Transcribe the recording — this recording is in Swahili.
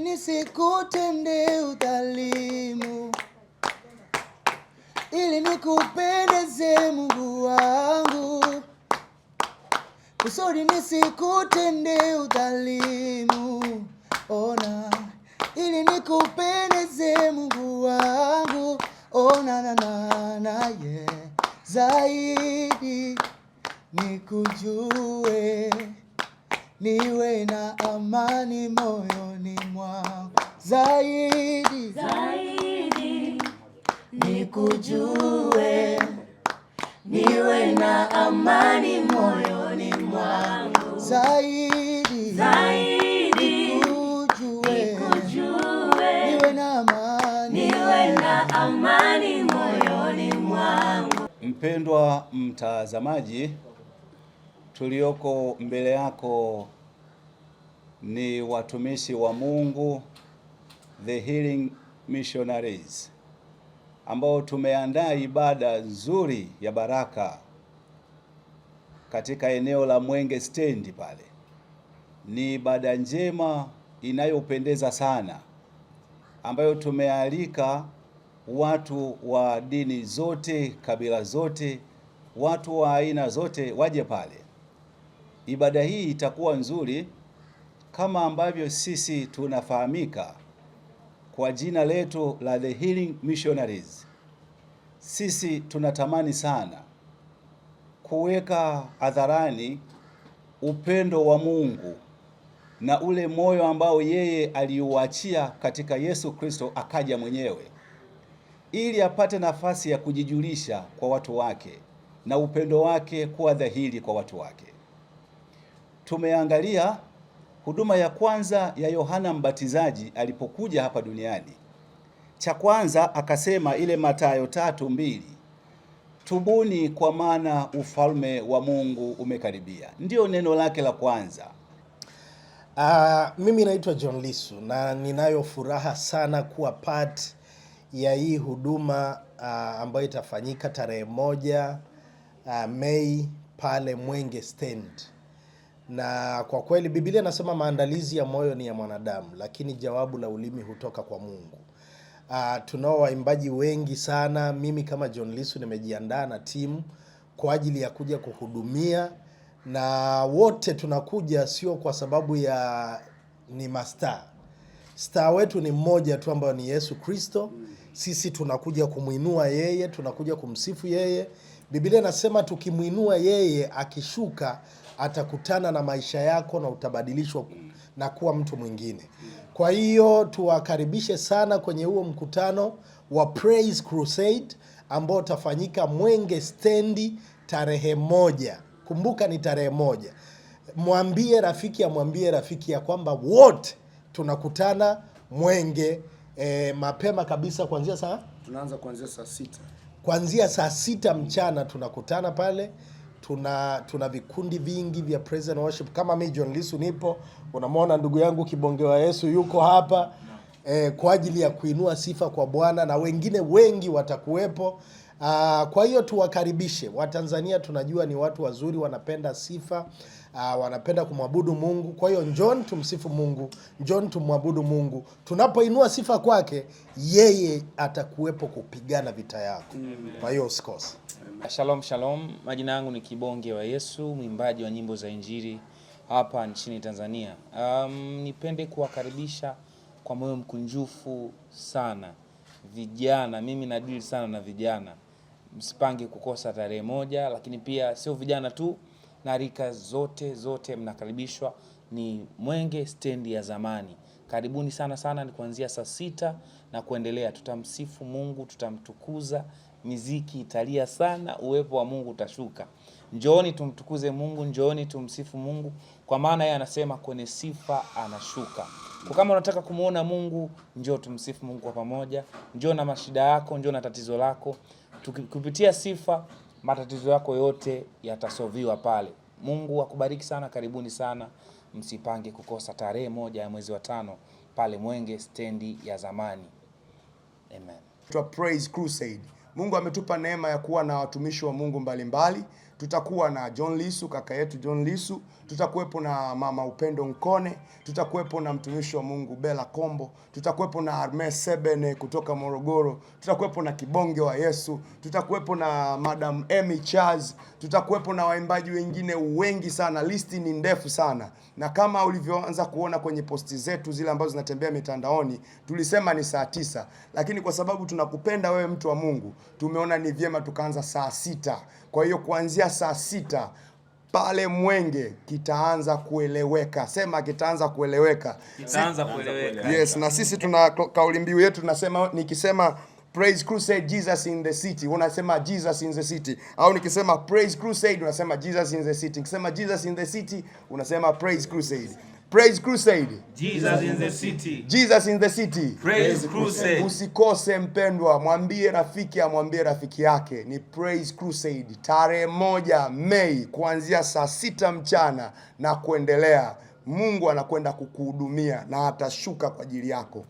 nisikutende udhalimu, ili nikupendeze Mungu wangu, kusudi nisikutende udhalimu, ona, ili nikupendeze Mungu wangu, ona na na na ye zaidi nikujue niwe na amani moyo zaidi, zaidi nikujue, niwe na amani moyoni mwangu zaidi, zaidi nikujue, nikujue, niwe na amani, niwe na amani moyoni mwangu. Mpendwa mtazamaji, tulioko mbele yako ni watumishi wa Mungu the Healing Missionaries ambao tumeandaa ibada nzuri ya baraka katika eneo la Mwenge stendi pale. Ni ibada njema inayopendeza sana ambayo tumealika watu wa dini zote, kabila zote, watu wa aina zote waje pale. Ibada hii itakuwa nzuri kama ambavyo sisi tunafahamika kwa jina letu la The Healing Missionaries, sisi tunatamani sana kuweka hadharani upendo wa Mungu na ule moyo ambao yeye aliuachia katika Yesu Kristo akaja mwenyewe ili apate nafasi ya kujijulisha kwa watu wake na upendo wake kuwa dhahiri kwa watu wake. Tumeangalia huduma ya kwanza ya Yohana Mbatizaji alipokuja hapa duniani. Cha kwanza akasema ile Mathayo tatu mbili, tubuni kwa maana ufalme wa Mungu umekaribia. Ndiyo neno lake la kwanza. Uh, mimi naitwa John lisu na ninayo furaha sana kuwa part ya hii huduma uh, ambayo itafanyika tarehe moja uh, ah, Mei pale Mwenge Stand na kwa kweli Biblia inasema maandalizi ya moyo ni ya mwanadamu, lakini jawabu la ulimi hutoka kwa Mungu. Uh, tunao waimbaji wengi sana. Mimi kama John Lisu nimejiandaa na timu kwa ajili ya kuja kuhudumia, na wote tunakuja sio kwa sababu ya ni mastaa. Staa wetu ni mmoja tu ambayo ni Yesu Kristo. Sisi tunakuja kumwinua yeye, tunakuja kumsifu yeye. Biblia nasema tukimwinua yeye akishuka atakutana na maisha yako na utabadilishwa na kuwa mtu mwingine. Kwa hiyo tuwakaribishe sana kwenye huo mkutano wa Praise Crusade ambao utafanyika Mwenge stendi tarehe moja. Kumbuka ni tarehe moja. Mwambie rafiki amwambie rafiki ya kwamba wote tunakutana Mwenge e, mapema kabisa kuanzia saa tunaanza kuanzia saa sita kuanzia saa sita mchana tunakutana pale tuna tuna vikundi vingi vya praise and worship. Kama mimi John Lisu nipo, unamwona ndugu yangu Kibongewa Yesu yuko hapa eh, kwa ajili ya kuinua sifa kwa Bwana na wengine wengi watakuwepo. Uh, kwa hiyo tuwakaribishe Watanzania. Tunajua ni watu wazuri, wanapenda sifa uh, wanapenda kumwabudu Mungu. Kwa hiyo njoni tumsifu Mungu, njoni tumwabudu Mungu. Tunapoinua sifa kwake, yeye atakuwepo kupigana vita yako. Kwa hiyo usikose. Shalom shalom, majina yangu ni Kibonge wa Yesu, mwimbaji wa nyimbo za Injili hapa nchini Tanzania. Um, nipende kuwakaribisha kwa moyo mkunjufu sana vijana. Mimi nadili sana na vijana, msipange kukosa tarehe moja, lakini pia sio vijana tu, na rika zote zote mnakaribishwa. Ni Mwenge stendi ya zamani. Karibuni sana sana, ni kuanzia saa sita na kuendelea. Tutamsifu Mungu, tutamtukuza, miziki italia sana, uwepo wa Mungu utashuka. Njooni tumtukuze Mungu, njooni tumsifu Mungu, kwa maana yeye anasema kwenye sifa anashuka. Kwa kama unataka kumuona Mungu, njoo tumsifu Mungu kwa pamoja. Njoo na mashida yako, njoo na tatizo lako, kupitia sifa matatizo yako yote yatasoviwa pale. Mungu akubariki sana, karibuni sana, msipange kukosa tarehe moja ya mwezi wa tano pale Mwenge, stendi ya zamani. Amen. Praise Crusade. Mungu ametupa neema ya kuwa na watumishi wa Mungu mbalimbali mbali tutakuwa na John Lisu, kaka yetu John Lisu, tutakuwepo na mama Upendo Nkone, tutakuwepo na mtumishi wa Mungu Bela Kombo, tutakuwepo na Arme Sebene kutoka Morogoro, tutakuwepo na Kibonge wa Yesu, tutakuwepo na Madam Emmy Charles, tutakuwepo na waimbaji wengine wengi sana. Listi ni ndefu sana, na kama ulivyoanza kuona kwenye posti zetu zile ambazo zinatembea mitandaoni, tulisema ni saa tisa, lakini kwa sababu tunakupenda wewe mtu wa Mungu, tumeona ni vyema tukaanza saa sita. Kwa hiyo kuanzia saa sita pale Mwenge kitaanza kueleweka. Sema kitaanza kueleweka, kitaanza kueleweka. Yes, na sisi tuna kauli mbiu yetu tunasema, nikisema Praise Crusade Jesus in the city. Unasema Jesus in the city. Au nikisema Praise Crusade unasema Jesus in the city. Nikisema Jesus in the city unasema Praise Crusade. Praise Crusade. Jesus in the city. Jesus in the city. Praise Crusade. Usikose mpendwa, mwambie rafiki amwambie rafiki yake ni Praise Crusade tarehe moja Mei kuanzia saa sita mchana na kuendelea. Mungu anakwenda kukuhudumia na atashuka kwa ajili yako.